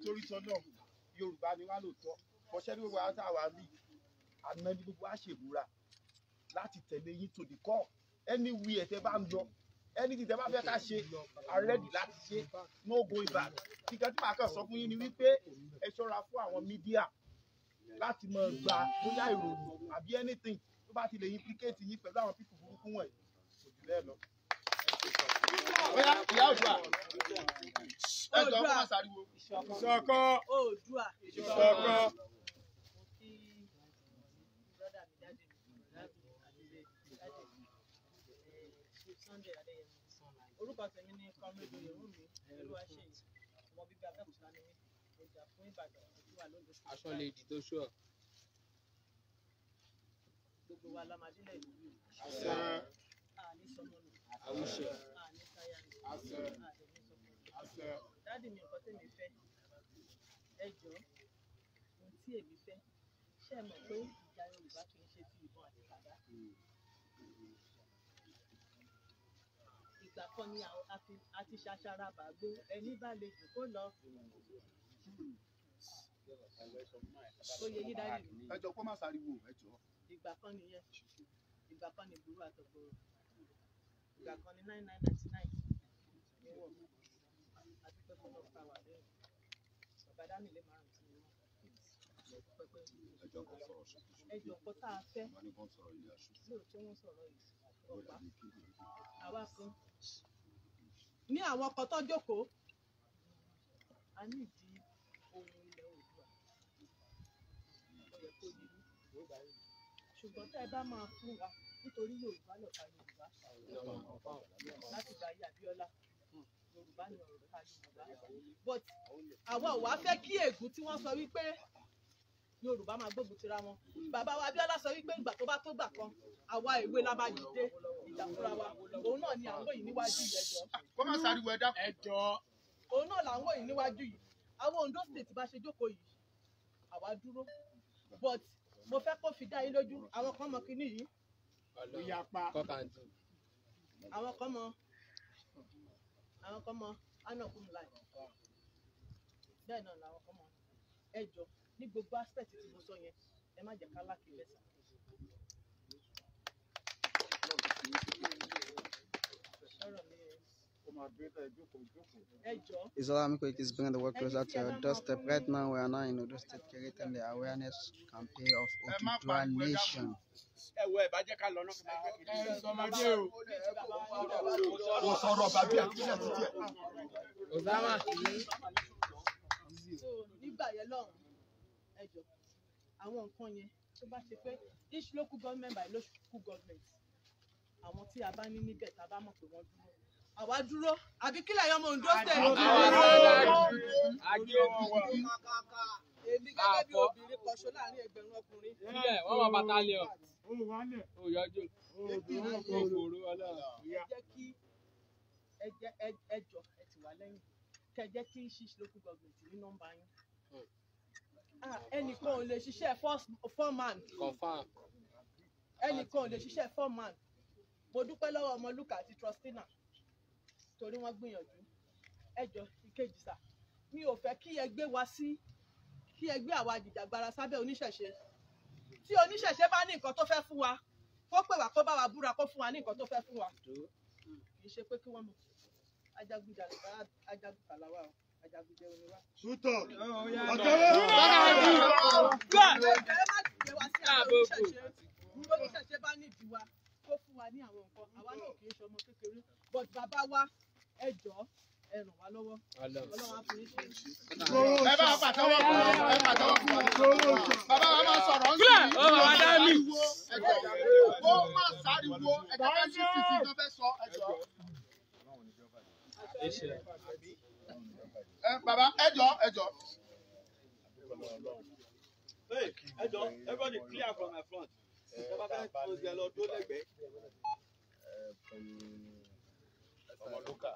nítorí tọ́lọ́run yorùbá ni wá lóòótọ́ kọ́ṣẹ́ ní gbogbo àwọn táwa àná ní gbogbo àṣèbúra láti tẹ̀lé yín tòdì kọ́ anywhere tẹ́ bá ń lọ anything tẹ́ bá fẹ́ ká ṣe are ready láti ṣe no going back kíkẹ́ tí màá kàn sọ fún yín ni wípé ẹ ṣọ́ra fún àwọn mídíà láti mọ gba bóyá ìròyìn àbí anything tó bá ti lè implicate yín pẹ̀lú àwọn pípù burúkú wọ̀nyí kò jù bẹ́ẹ̀ lọ bóyá ìyá òdua ẹjọ kó má sáriwo. ìṣọ̀kọ òdua ìṣọ̀kọ. orúkọ tèmi ni kọmílù yorùbá olúwa ṣe ọmọ bíbí abẹ́òkúta ni mí ọjà fún ìbàdàn ojú wa lóde. aṣọ lè dì tó ṣọ. gbogbo wa la máa dílé ìlú yìí. àṣà àlè sọmọnù. àwùṣe àṣẹ àṣẹ. dáàdì mi nǹkan tèmi fẹ́ ẹ jọ ohun tí èmi fẹ́ ṣe mọ̀ pé ìjà Yorùbá kì í ṣe ti ìbọn àti bàbá. ìgbà kan ni a ti ṣàṣàrà bàgbó ẹni bá lè jù kó lọ ó yẹ yí dájú. ẹ jọ kó má sáriwo ẹ jọ. ìgbà kan nìyẹn ìgbà kan ní burú àtọ̀gbọ̀rọ̀ ìgbà kan ní nine nine ninety nine lọ́wọ́ mi àdúpẹ́ fún ọmọ tá a wà lẹ́yìn bàbá dá a fẹ́ lóòótọ́ wọ́n sọ̀rọ̀ yìí ọ̀pá àwa kan ní àwọn ọkọ̀ tó jókòó a ní ìdí ohun ilẹ̀ òdua ṣùgbọ́n tẹ́ ẹ bá máa fún wa nítorí Yorùbá lọ́ka Yorùbá láti gbà yí Abíọ́lá yorùbá ni ọ̀rọ̀ ká yorùbá but àwa ò wá fẹ́ kí ègún tí wọ́n sọ wípé yorùbá máa gbógun tira wọn bàbá wa abíọ́lá sọ wípé ìgbà tó bá tó gbà kan àwa ìwé la máa dìde ìjà fúnra wa òun náà ni àwọn yìí níwájú yìí ẹjọ́. kó má sáré wẹ dákun. ẹjọ́. òun náà làwọn yìí níwájú yìí àwọn Ondo state bá ṣe jókòó yìí àwa dúró but mo fẹ́ kó fi dá yín lójú àwọn kan mọ kinní yìí. ìyapa. àwọn kan mọ àwọn kan mọ anakun life bẹ́ẹ̀ náà làwọn kan mọ ẹ jọ ní gbogbo aspect tí mo sọ yẹn ẹ má jẹ́ ká lákì lẹ́sà. ọ̀rọ̀ mi Islamic Week is bringing the work closer to your doorstep. Right now, we are now in Odo State creating the awareness campaign of Oduduwa Nation. àwọn nǹkan yẹn tó bá ṣe pé each local government by local government àwọn tí a bá ní níbẹ̀ tá a bá mọ̀ pé wọ́n dúró àwa dúró àbí kílẹ̀ yọmọ Ondo state. àgbẹ̀ hmm. ah, ẹnìkan ò lè ṣiṣẹ́ foreman. confam. mo dúpẹ́ lọ́wọ́ Ọmọlúkà àti Trustina torí wọ́n gbìyànjú ẹjọ́ ìkejì sà mi ò fẹ́ kí ẹ gbé wa sí kí ẹ gbé àwa jìjàgbara sábẹ́ oníṣẹ̀ṣe tí oníṣẹ̀ṣe bá ní nǹkan tó fẹ́ fún wa kó pè wá kó bá wa búra kó fún wa ní nǹkan tó fẹ́ fún wa kì í ṣe pé kí wọ́n mọ̀ ajagunjalè bá ajagun kàlà wa o ajagunjẹ oníwà. sùtọ̀ ọ̀tọ̀ wẹ́ẹ́. Baba, bá pàtẹ́wọ́ fún wọn ẹ pàtẹ́wọ́ fún wọn bàbá wa máa sọ̀rọ̀ ń sìn ní ọmọ adá mi. ó má sáriwo ẹ̀jẹ̀ bá sí títí tó fẹ́ sọ ẹ̀jọ̀. ẹ bàbá ẹjọ ẹjọ. ẹjọ everybody clear from my front. ẹ bá fẹ́ close ẹ lọ dó lẹ́gbẹ̀ẹ́ ọmọlúkà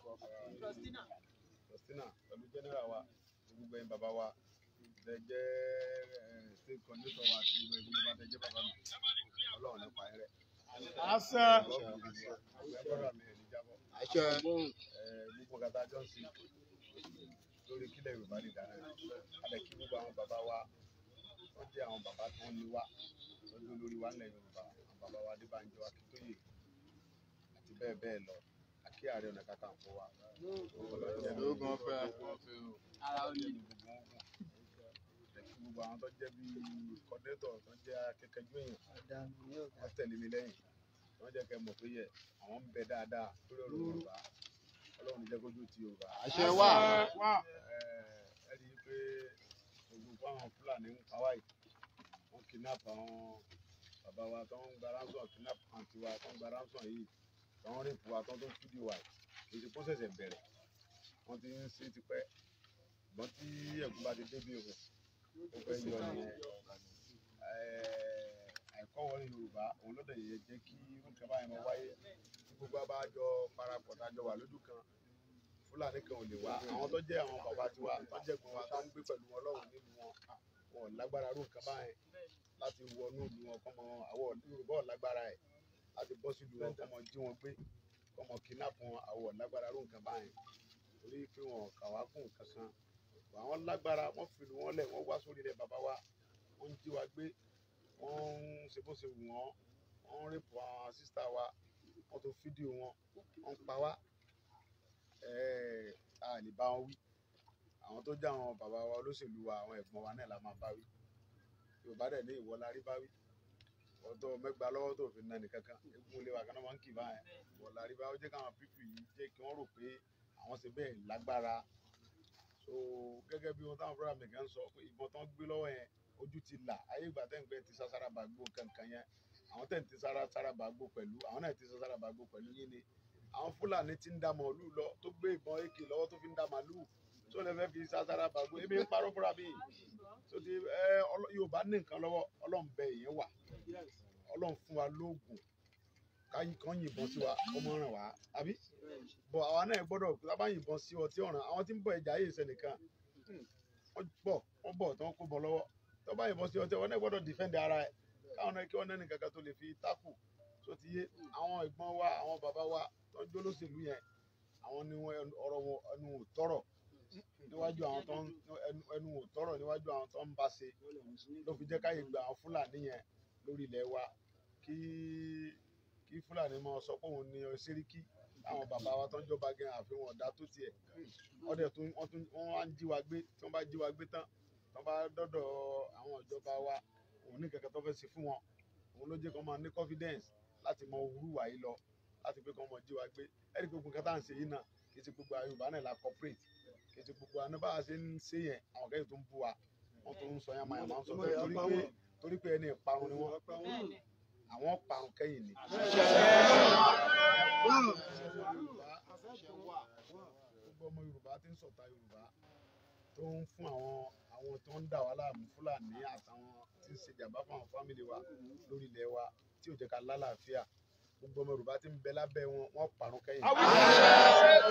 Justina pẹ̀lú general wa gbogbo ẹ̀yin bàbá wa tẹ jẹ state coordinator wa àti gbogbo ẹ̀yin bàbá tẹ jẹ bàbá mi Ọlọ́run nípa ẹrẹ. àṣẹ àṣẹ gbogbo kata johnson lórí kílẹ̀ Yorùbá lè dára alẹ́ kí gbogbo àwọn bàbá wa wọ́n jẹ́ àwọn bàbá tó ń lé wa lọ́jọ́ lórí wa nílẹ̀ Yorùbá àwọn bàbá wa Adébánjọ Akíntóyè àti bẹ́ẹ̀ bẹ́ẹ̀ lọ kí ààrẹ ọ̀nà kakanfò wa. lóògùn ọ̀fẹ́ ara ó lè gbogbo ogun gbogbo àwọn tó jẹ́ bí kọ́ndẹ́tọ̀ tó jẹ́ akẹ́kẹ́jú èèyàn wọ́n tẹ̀lé mi lẹ́yìn wọ́n jẹ́ kẹ́ mọ̀ pé yẹ àwọn ń bẹ dáadáa lórí ọ̀rọ̀ Yorùbá Ọlọ́run ní jẹ́ ti Yorùbá. àṣẹ wà ẹ rí i pé gbogbo àwọn Fúlàní ń pa wáyé wọ́n kidnap àwọn bàbá wa tó ń gba kidnap àǹtí wa tó ń gba yìí tán rèpù wa tán tó kú di wa yìí èsì pósẹ̀sẹ̀ bẹ̀rẹ̀ wọ́n ti ń ṣe tipẹ́ ṣùgbọ́n tí ẹ̀gún bá ti débi òkú ó fẹ́ yọ ní àìkọ́ wọlé Yorùbá òun ló dẹ̀ yẹ jẹ́ kí nǹkan báyìí máa wáyé tí gbogbo abájọ parapọ̀ tájọ wà lójú kan Fúlàní kan ò lè wá àwọn tó jẹ́ àwọn bàbá tiwa tó jẹ́ gbọ́n wa tó ń gbé pẹ̀lú wọn lọ́rùn nílùú wọn wọn lágbára rú báyìí láti wọnú ìlú wọn kọ́mọ àwọn Yorùbá ò lágbára ẹ̀ a àti bọ́ sílùú wọn kọ́mọ jí wọn gbé kọ́mọ kidnap wọn àwọ̀ lágbára ló nǹkan báyìí torí pé wọn kà wá kún kankan àwọn lágbára wọn fìlú wọn lẹ̀ wọ́n wá sórí ilẹ̀ bàbá wa wọ́n ń jí wa gbé wọ́n ń ṣe bó ṣe wù wọ́n wọ́n ń rèpọ̀ àwọn sísítà wa wọ́n tó fídíò wọn wọ́n ń pa wá a lè bá wọn wí àwọn tó jẹ́ àwọn bàbá wa olóṣèlú wa àwọn ẹ̀gbọ́n wa náà la máa bá wí yorùbá dẹ̀ ní ìwọ la rí bá wí ọ̀tọ̀ mẹ́gbàá lọ́wọ́ tó fi nà nìkankan egun olè wà kí wọ́n máa ń kì báyẹn wọ́n lárí bá ó káwọn pípì yìí jẹ́ kí wọ́n rò pé àwọn ṣe bẹ́ẹ̀ lágbára so gẹ́gẹ́ bí wọn táwọn fúlàní kan sọ pé ìbọn tán gbé lọ́wọ́ yẹn ojú ti là ayé ìgbà tẹ́ ń gbé ti sá sára bàgbó kankan yẹn àwọn tẹ́ ń ti sára sára bàgbó pẹ̀lú àwọn náà ti sá sára bàgbó pẹ̀lú yín ni àwọn fúlàní ti ń dá màálù lọ tó gbé ìbọn ak lọ́wọ́ tó fi ń dá màálù tó lè fẹ́ fi sá bàgbó ebi ń parọ́ fúra mi tó ti ẹ Yorùbá ní nǹkan lọ́wọ́ ọlọ́run bẹ èèyàn wà ọlọ́run fún wa lóògùn káyí kan yìnbọn sí wa ọmọ ràn wá àbí bọ àwa náà gbọ́dọ̀ lábá yìnbọn sí ọtí ọ̀ràn àwọn tí ń bọ ẹja ayé ìṣẹ̀lẹ̀ kan wọ́n bọ̀ wọ́n bọ̀ tí wọ́n kó bọ̀ lọ́wọ́ tó bá yìnbọn sí ọtí ọwọ́ náà gbọ́dọ̀ dìfẹ́ǹdì ara ẹ̀ káwọn náà kí wọ́n náà nìkan kan tó lè fi tákù tó ti yé àwọn ẹ̀gbọ́n wa àwọn bàbá wa tó ń jólóṣèlú yẹn àwọn ni wọn ọ̀rọ̀ wọn ẹnu ò tọrọ níwájú àwọn tó ń ẹnu ò tọrọ níwájú àwọn tó ń bá ṣe ló fi jẹ́ káyè gba àwọn fúlàní yẹn lórí ilẹ̀ wa kí kí fúlàní máa sọ pé òun ni ṣéríkì àwọn bàbá wa tó ń jọba gan àfihàn ọ̀dà tó tiẹ̀ ọ̀dẹ̀ tó wọ́n tún wọ́n á ń jí wa gbé tí wọ́n bá jí wa gbé tán tí wọ́n bá dọ́dọ̀ àwọn ìjọba wa òun ní kankan tó fẹ́ ṣe fún wọn òun ló jẹ́ kó máa ní confidence láti mọ òwúrú wà yìí lọ láti pé kó máa jí wa gbé ẹ̀rí gbogbo nǹkan tá à ń ṣe yìí náà kì í ṣe gbogbo Yorùbá náà la corporate kì í ṣe gbogbo àná bá a ṣe ń ṣe yẹn àwọn kẹ́yìn torí pé ẹni ìparun ni wọ́n àwọn parun kẹ́yìn ni. gbogbo ọmọ Yorùbá ti ń sọ̀tà Yorùbá tó ń fún àwọn àwọn tó ń dà wá láàmú Fúlàní àtàwọn tí ń ṣe fún àwọn fámìlì wa lórí ilẹ̀ wa tí ò jẹ́ ká lálàáfíà gbogbo ọmọ Yorùbá ti ń bẹ lábẹ́ wọn wọ́n parun kẹ́yìn. àwọn ọmọ Yorùbá ti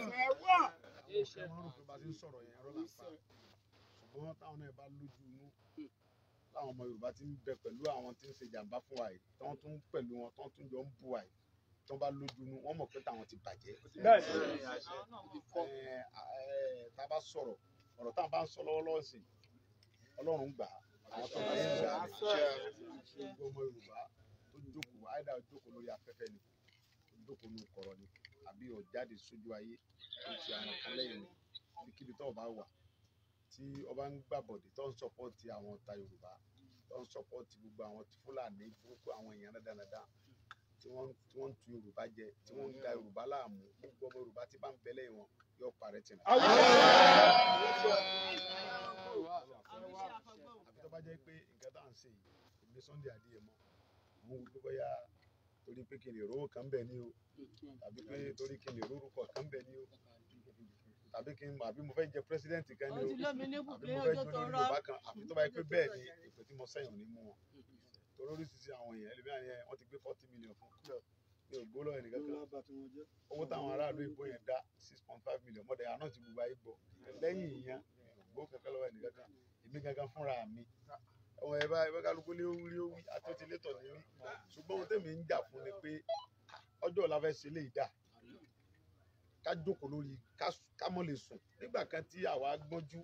ń sọ̀rọ̀ yẹn rọ́lá pa àwọn táwọn náà bá lójú inú láwọn ọmọ Yorùbá ti ń bẹ pẹ̀lú àwọn tí ń ṣe jàǹbá fún wa yìí tí wọ́n tún pẹ̀lú wọn tí wọ́n tún jọ ń bù wa yìí tí wọ́n bá lójú inú wọ́n mọ̀ pé táwọn ti bàjẹ́. tá sọ̀rọ̀ ọ̀rọ̀ táwọn bá ń sọ lọ́wọ́lọ́wọ́ sí Ọlọ́run gbà àwọn tó ń bá yẹn ọmọ Yorùbá tó jókòó àìdá jókòó lórí afẹ́fẹ́ ni jókòó ní kọ̀rọ̀ ni àbí ó sójú ayé ó ti àwọn kan lẹ́yìn ní kíbi tó tí ọba ń gbàbọ̀dé tó ń sọpọ́ọ̀tì àwọn ọ̀tá Yorùbá tó ń sọpọ́ọ̀tì gbogbo àwọn Fúlàní gbogbo àwọn èèyàn dáadáa tí wọ́n tí wọ́n ń tu Yorùbá jẹ tí wọ́n ń da Yorùbá láàmú gbogbo ọmọ Yorùbá ti bá ń bẹ́lẹ̀ wọn yóò parẹ́ tì mo ń wúlò bóyá torí pé kí kan bẹ̀ ni o tàbí pé torí kí kan bẹ̀ ni o tàbí kí n mọ àbí mo fẹ́ jẹ pírẹsidẹ́ǹtì kan ní o àbí mo fẹ́ jó lórí yorùbá kan àfi tó bá yẹ pé bẹ́ẹ̀ ni ìpè tí mo sẹ́yìn ò ní mú wọn torí oríṣiríṣi àwọn èèyàn ẹlòmíràn yẹn wọ́n ti gbé forty million fún mi ò gbó lọ́yìn nìkan kan owó táwọn aráàlú ìbò yẹn dá six point five million mọ́tẹ́ àná ti gbogbo ayé gbọ́ lẹ́yìn ìyẹn gbó kankan lọ́wọ́ ẹnìkan kan èmi gangan fúnra mi ọmọ ẹ bá ẹ bá kálukú lé owó lé owó àtọ́tilétọ̀ ní mí ṣùgbọ́n ohun tẹ̀mí ń jà fún ni pé ọjọ́ ọ̀la fẹ́ ṣe lè dà ká jókòó lórí ká ká mọ́ lè sùn nígbà kan tí àwa gbọ́njú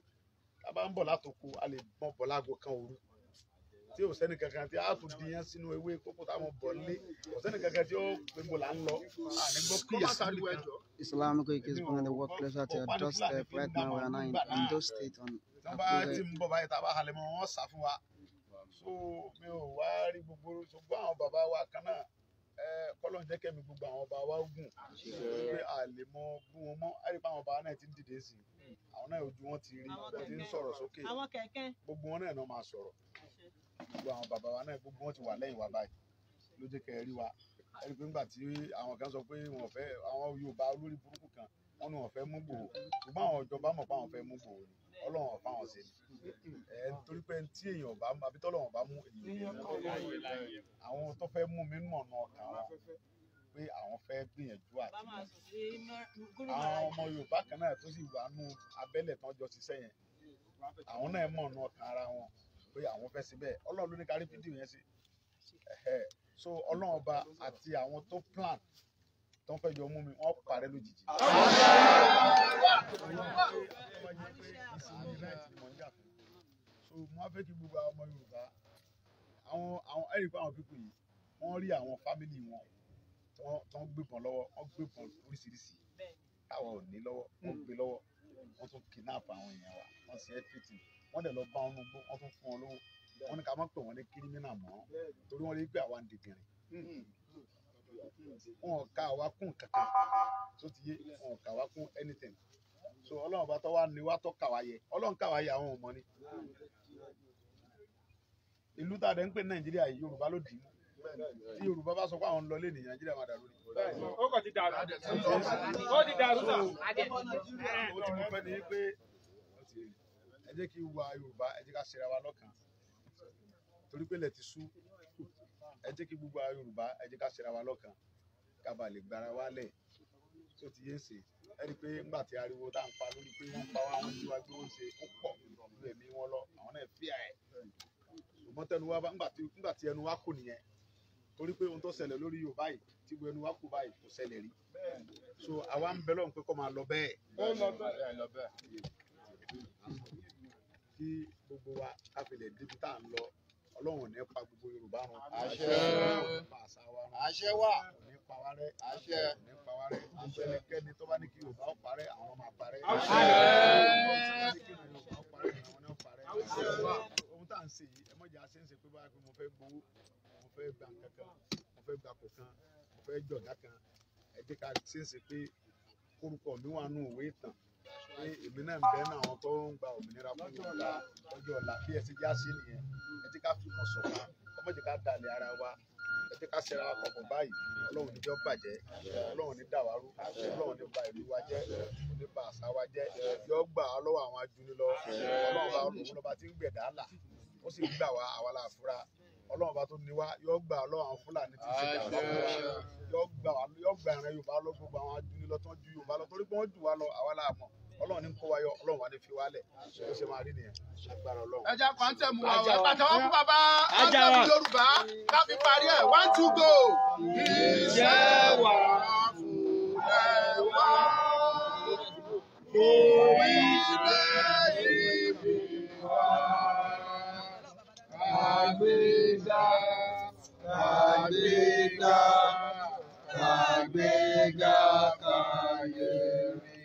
ká bá ń bọ̀ látòkò a lè mọ bọ̀ láago kan òru tí ò sẹ́ni kankan tí a tún di yẹn sínú ewé kókó táwọn bọ̀ lé ò sẹ́ni kankan tí ó gbégbó là ń lọ àní gbọ́ kíyà sí ibi kan. Islamic Wake is bringing the work closer to your doorstep right now and now in Ondo State on Abuja. ti ń bọ̀ báyìí tá a bá halẹ̀ mọ́ wọn sá fún wa. So mi ò wá rí gbogbo ṣùgbọ́n àwọn bàbá wa kan náà kọ́lọ́n jẹ́ kẹ́mi gbogbo àwọn ọba wa gùn pé a lè mọ gún wọn mọ́ a rí i pé àwọn ọba náà ti ń dìde sí i àwọn náà ojú wọn ti rí wọn ti ń sọ̀rọ̀ sókè gbogbo wọn náà náà máa sọ̀rọ̀ gbogbo àwọn bàbá wa náà gbogbo wọn ti wà lẹ́yìn wa báyìí ló jẹ́ kẹ́ ẹ rí wa a rí i pé nígbà tí àwọn kan sọ pé wọn fẹ́ àwọn Yorùbá olórí burúkú kan wọn ni wọn fẹ́ mú gbòòrò ṣùgbọ́n àwọn ìjọba mọ̀ pé àwọn fẹ́ mú gbòòrò ni ọlọ́run ọ̀pá wọn ṣe ni ẹ torí pé tí èèyàn bá àbí tọ́lọ́run bá mú èèyàn àwọn tó fẹ́ mú mi mọ̀ náà kà wọ́n pé àwọn fẹ́ gbìyànjú àti àwọn ọmọ Yorùbá kan náà tó sì wà nù abẹ́lẹ̀ tán jọ ṣiṣẹ́ yẹn àwọn náà mọ̀ náà kan ara wọn pé àwọn fẹ́ ṣe bẹ́ẹ̀ ló ní kárí fídíò yẹn sí so ọlọ́run ọba àti àwọn tó plan tó ń fẹ́ jọ mú mi wọ́n parẹ́ lójijì. so fẹ́ kí gbogbo ọmọ Yorùbá àwọn àwọn ẹ̀rí pé àwọn pípọ̀ yìí wọ́n rí àwọn fámìlì wọn tó ń gbébọn lọ́wọ́ wọ́n gbébọn oríṣiríṣi táwọn ò ní lọ́wọ́ wọ́n gbé lọ́wọ́ wọ́n tún kidnap àwọn èèyàn wa wọ́n ṣe everything wọ́n dẹ̀ lọ bá wọn gbó wọ́n tún fún wọn lówó wọ́n ní ká má pè wọ́n ní kírímínà mọ́ torí wọ́n rí pé àwa ń dìgbìrín wọn kà wá kún kankan tó ti yé wọn kà wá kún anything so ọlọ́run bá tọ́ wá ní wá tọ́ kà wá yẹ ọlọ́run kà wá yẹ àwọn ọmọ ni ìlú tá a dẹ̀ ń pè ní nàìjíríà yìí yorùbá ló dì í tí yorùbá bá sọ pé àwọn ń lọ lé ní nàìjíríà máa dàrú ni. ó kàn ti dàrú ó ti dàrú náà. ó ti mú fẹ́ pé ẹ jẹ́ kí wá yorùbá ẹ jẹ́ ká ṣera wa lọ́kàn torí pé lẹ́ẹ̀ ti sú jẹ́ kí gbogbo àwọn Yorùbá ẹ jẹ́ ká ṣera wa lọ́kàn ká ba lè gbára wa lẹ̀ tó ti yé ṣe ẹ rí i pé ńgbà tí ariwo tá à ń pa lórí pé wọ́n pa wá wọn síwájú wọn ṣe ó pọ̀ ju ẹ̀mí wọn lọ àwọn náà fíà ẹ̀ ṣùgbọ́n tẹnu wa ńgbà tí ẹnu wa kò nìyẹn torí pé ohun tó ṣẹlẹ̀ lórí Yorùbá yìí tí gbogbo ẹnu wa kò báyìí kò ṣẹlẹ̀ rí so àwa ń bẹ lọ́run pé kó máa lọ bẹ́ẹ̀ kí gbogbo wa ká fi lè débi tá à ń lọ ọlọ́run ní pa gbogbo yorùbá run àṣẹ pa àṣà wa run àṣẹ wa ní pa wá rẹ́ àṣẹ ní pa wá rẹ́ àṣẹ ẹnikẹ́ni tó bá ní kí yorùbá ó parẹ́ àwọn máa parẹ́ àṣẹ yorùbá ó parẹ́ àwọn náà parẹ́ àṣẹ ohun tá à ń ṣe yìí ẹ mọ̀jà ṣe ń ṣe pé báyà pé mo fẹ́ gbowó mo fẹ́ gba kankan mo fẹ́ gba kò kan mo fẹ́ jọ̀dá kan ẹ jẹ́ ká ṣe ń ṣe pé kórúkọ mi wà nù òwe ìtàn pé èmi náà ń bẹ́ẹ̀ náà àwọn tó ń gba òmìnira fún Yorùbá lọ́jọ́ ọ̀la bí ẹ já sí nìyẹn ẹ ti ká fìmọ̀ ṣọ̀kan ọmọ ti ká dalẹ̀ ara wa ẹ ká ṣẹra wa báyìí ọlọ́run níjọ́ bàjẹ́ ọlọ́run ní dàwárú ọlọ́run ní ba ìlú wa jẹ́ ní ba àṣà wa jẹ́ yọ gbà á lọ́wọ́ àwọn ajúnilọ́ ọlọ́run bá lọ́ba ti ń gbẹ̀dá là ó sì ń gbà wá àwa láàfúrà ọlọ́run bá tó ní wá yọ gbà ọlọ́run fúlàní ti ṣe ìjà yọ yọ gbà ẹ̀rẹ̀ yorùbá lọ gbogbo àwọn ajúnilọ́tọ́ ju yorùbá lọ torí pé wọ́n jù wá lọ àwa la mọ̀ ọlọ́run ní kó wa yọ ọlọ́run wà ní fi wá lẹ̀ ṣe máa rí nìyẹn agbára ọlọ́run. ẹja kan tẹ mu àwọn ìpàtẹ wọn fún bàbá ájára yorùbá ká parí ẹ one two go. ìṣe wà fúnlẹ̀ wá lórí ilé kàgbéga kàgbéga káyé rí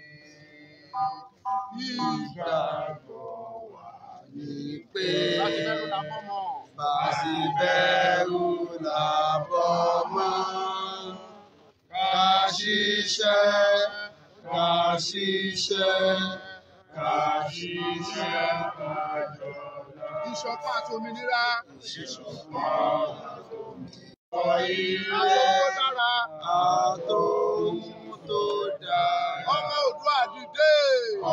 ìgbàgbọ́ wà ní pé bá a sì bẹ̀rù làbọ̀ mọ́ ká ṣiṣẹ́ ká ṣiṣẹ́ ká ṣiṣẹ́ ká ìṣọ̀kan àti òmìnira. Ayé dára. Àtòhun tó dára. Ọmọ Oòduà dìde.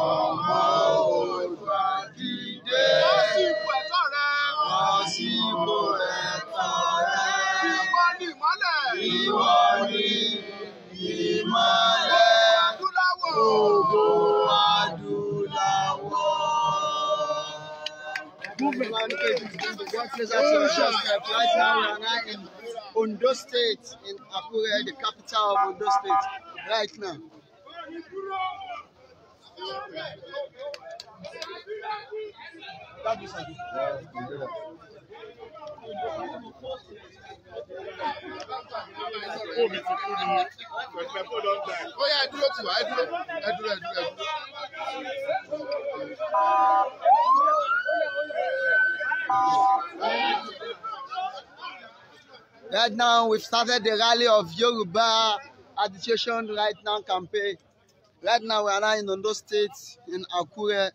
Ọmọ Oòduà dìde. Wọ́n sì ipò ẹ̀tọ́ rẹ. Wọ́n sì ipò ẹ̀tọ́ rẹ. Ìwọ ni ìmọ́lẹ̀. Ìwọ. on Facebook. Right now, we are in Ondo State, in Apure, the capital of Ondo State, right now. Oh yeah, I do it too. I do it. I do it. I do it. I do it. Right now, we've started the rally of Yoruba education. Right Now campaign. Right now, we are now in Ondo State, in Akure.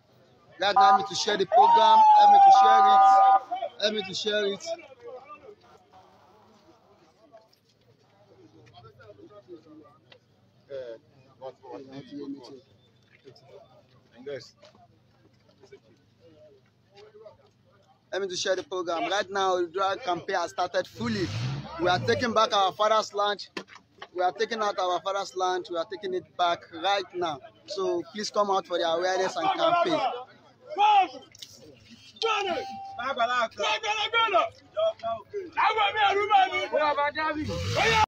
Right now, help me to share the program. Help me to share it. Help me to share it. Uh, what, what, what, what, what, what, what, what, Let me just share the program. Right now, the drug campaign has started fully. We are taking back our father's land. We are taking out our father's land. We are taking it back right now. So please come out for the awareness and campaign. Agbára mi àrùn máa ní. Bóyá bá dábì.